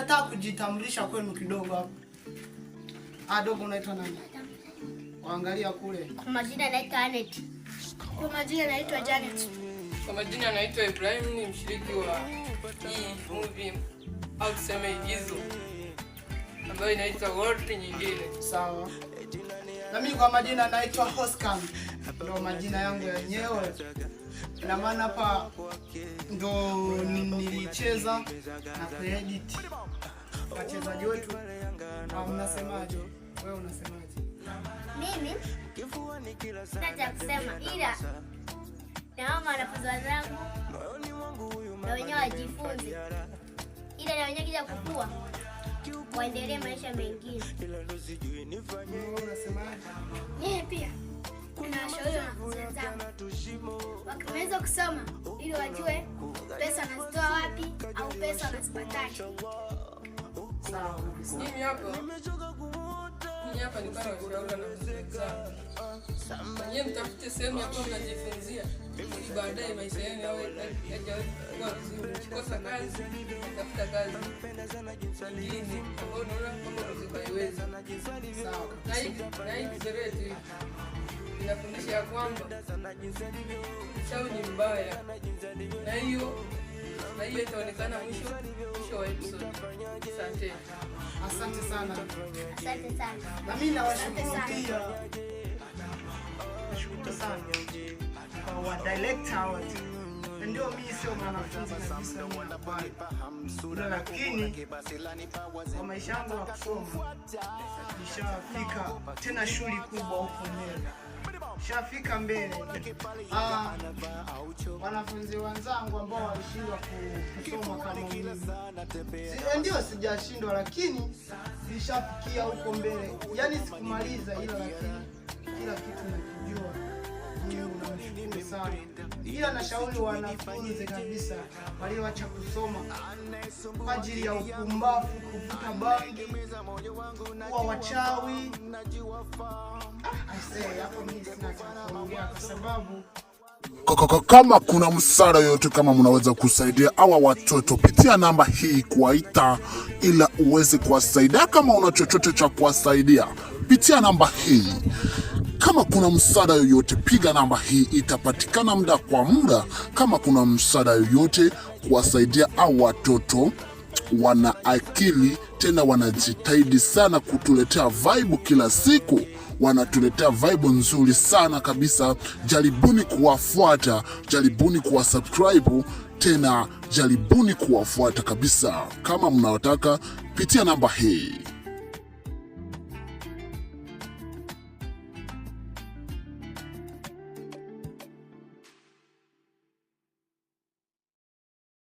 nataka kujitambulisha kwenu kidogo hapa. Ah, dogo unaitwa nani? Waangalia kule. Kwa majina naitwa Anet. Kwa majina naitwa Janet. Kwa majina naitwa Ibrahim, ni mshiriki wa hii movie au tuseme igizo ambayo inaitwa World nyingine. Sawa. Na mimi kwa majina naitwa Hoskam. Ndio majina yangu yenyewe. Na maana hapa ndo nilicheza na kuedit wachezaji wetu. Unasemaje wewe, unasemaje? Mimi sitaki kusema, ila naomba wanafunzi wenzangu na wenyewe wajifunze, ila na wenyewe kija kukua waendelee maisha mengine. Mimi pia nawashauri wanafunzi wenzangu wakimaliza kusoma, ili wajue pesa wanazitoa wapi au pesa wanazipataje. Nyie mtafute sehemu yako mnajifunzia ili baadaye maisha yenu yawe yajakuwa vizuri. Ukikosa kazi, tafuta kazi nyingine ambayo unaona kwamba unaiweza. Na hii sherehe yetu inafundisha ya kwamba uchawi ni mbaya, na hiyo na hiyo itaonekana mwisho mwisho wa episode wote asante sana, asante sana. Na mimi nawashukuru pia, nashukuru sana kwa wa director wote. Ndio, mimi sio mwanafunzi kabisa, lakini kwa maisha yangu ya kusoma nishafika tena shule kubwa huko mbele, nishafika mbele ah wanafunzi wenzangu ambao walishindwa kusoma kama mimi. Eh, ndio sijashindwa, lakini nishafikia huko mbele, yaani sikumaliza, ila lakini kila kitu nakijua. Namshukuru sana, ila nashauri wanafunzi kabisa walioacha kusoma kwa ajili ya upumbavu, kuvuta bangi, kuwa wachawi. Ah, aisee, hapo mimi sina cha kuongea kwa sababu kama kuna msaada yoyote, kama mnaweza kusaidia awa watoto, pitia namba hii kuwaita, ila uweze kuwasaidia. Kama una chochote cha kuwasaidia, pitia namba hii. Kama kuna msaada yoyote, piga namba hii, itapatikana muda kwa muda. Kama kuna msaada yoyote kuwasaidia au watoto wana akili tena, wanajitahidi sana kutuletea vibe kila siku, wanatuletea vibe nzuri sana kabisa. Jaribuni kuwafuata, jaribuni kuwasubscribe, tena jaribuni kuwafuata kabisa. Kama mnaotaka pitia namba hii.